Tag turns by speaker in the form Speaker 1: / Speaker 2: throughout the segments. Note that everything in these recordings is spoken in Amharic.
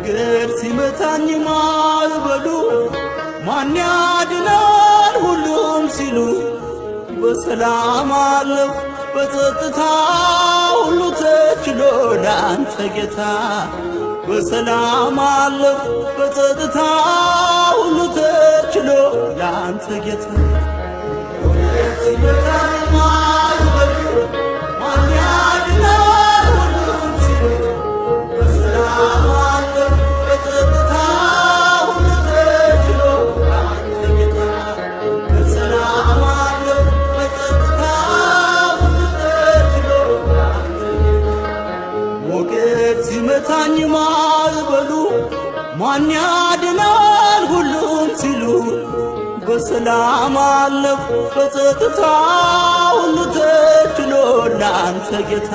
Speaker 1: ሞገድ ሲመታኝ ማልበሉ ማን ያድናል ሁሉም ሲሉ በሰላም አለሁ በጸጥታ ሁሉ ተችሎ ለአንተ ጌታ በሰላም አለሁ በጸጥታ ሁሉ ተችሎ ለአንተ ጌታ ማን ያድናል ሁሉም ሲሉ በሰላም አለፉ በጸጥታ ሁሉ ተችሎ ለአንተ ጌታ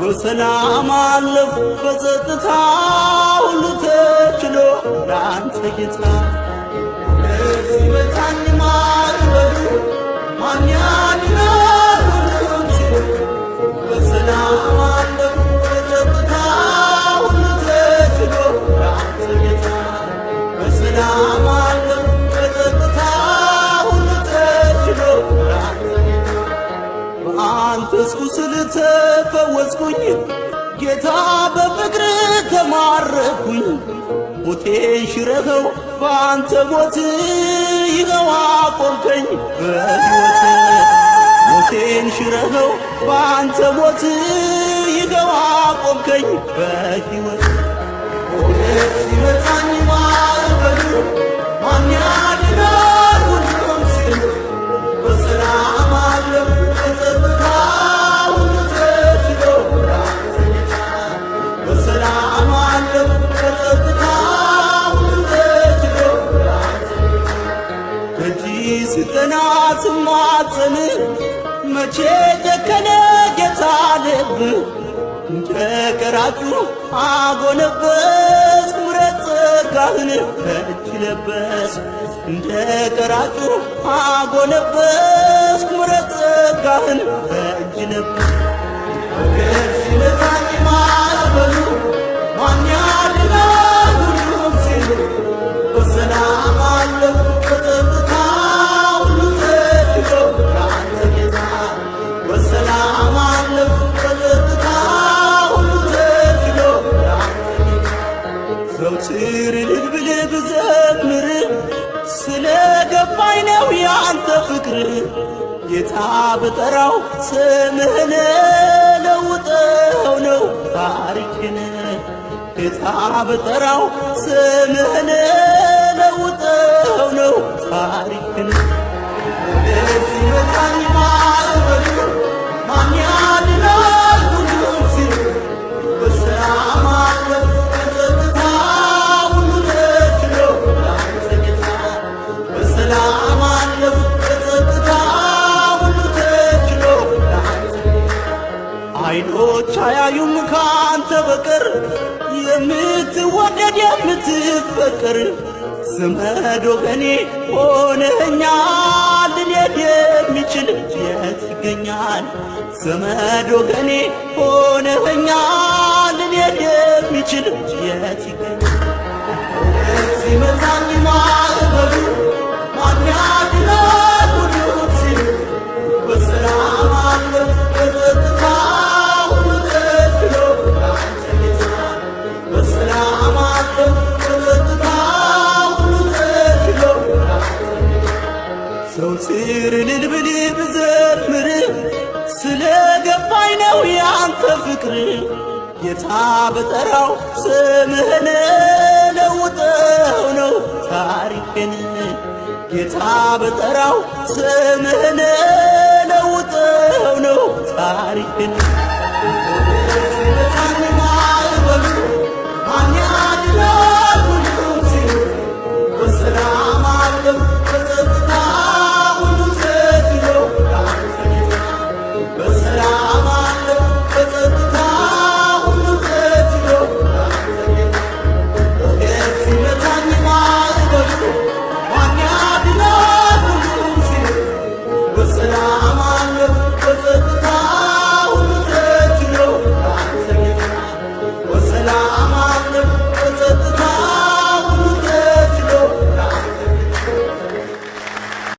Speaker 1: በሰላም አለፉ በጸጥታ ሁሉ ተችሎ ለአንተ ጌታ
Speaker 2: ለዚህ በታንማ
Speaker 1: ተፈወስኩኝ፣ ጌታ በፍቅር ተማረኩኝ። ሞቴን ሽረኸው በአንተ ሞት ይኸው አቆምከኝ በሕይወት ቦቴን ሽረኸው በአንተ ሞት ይኸው አቆምከኝ በሕይወት ስጠና ስማጽን መቼ ደከነ ጌታ ልብ በቀራጩ አጎነበስ ምረት ጸጋህን በእጅ ለበስ እንደ ቀራጩ አጎነበስ ምረት ጸጋህን በእጅ ለበስ ጭር ልል ብልህ ብዘምር ስለ ነው ያንተ ፍቅር ጌታ ብጠራው ስምህን ለውጠው ነው ታሪኬን ጌታ ብጠራው ስምህን ለውጠው ነው ታሪኬን አይኖች አያዩም ከአንተ በቀር የምትወደድ የምትፈቅር ዘመዶ ገኔ ሆነኛል ሊሄድ የሚችል የት ይገኛል? ዘመድ ወገኔ ሆነኛል ሊሄድ የሚችል የት ይገኛል? ዘውትር ልልብል ብዘምር ስለገባኝ ነው ያንተ ፍቅር ጌታ በጠራው ስምህን ለውጠው ነው ታሪኬን ጌታ በጠራው ስምህን ለውጠው ነው ታሪኬን